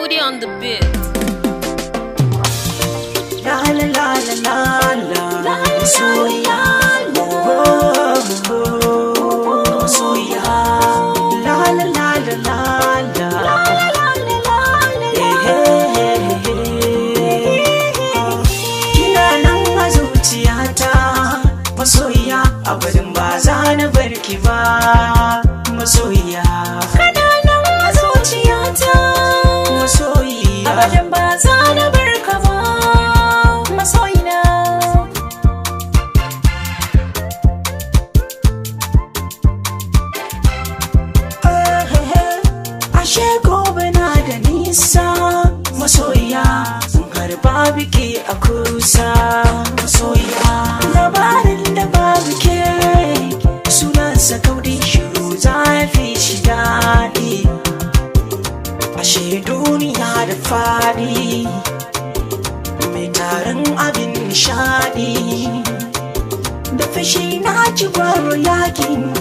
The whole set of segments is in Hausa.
Moody on the beat. La la la la la la. Soya la. Soya. La la la la la la. nan masoya a Jin ba na bar ka ba masoyina. Ashe gobe na da nisa masoyiya sun harba biki a kusa masoyiya. Labarin da babu ke sunansa kaudin shiru zafi shi daɗi. Ashe faɗi mai tarin abin shaɗi da fashi na ci yakin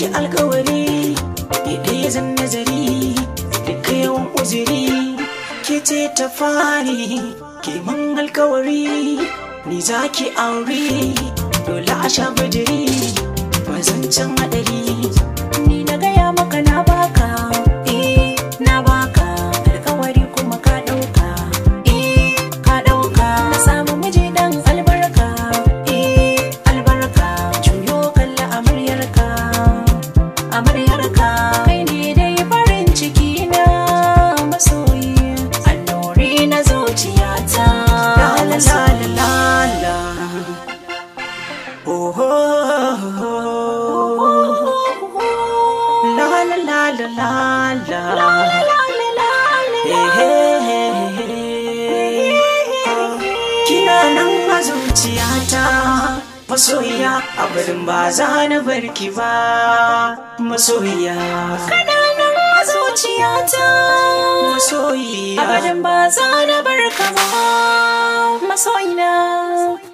ki alkawari ya zan nazari duka yawan uzuri ke ce ta fari ke man alkawari ni za ki auri dole a sha bajiri ba zan can hadari la la la Kina nan a zuciyata masoyiya a barin ba za na barki ba Kana nan ba za na barka ba masoyina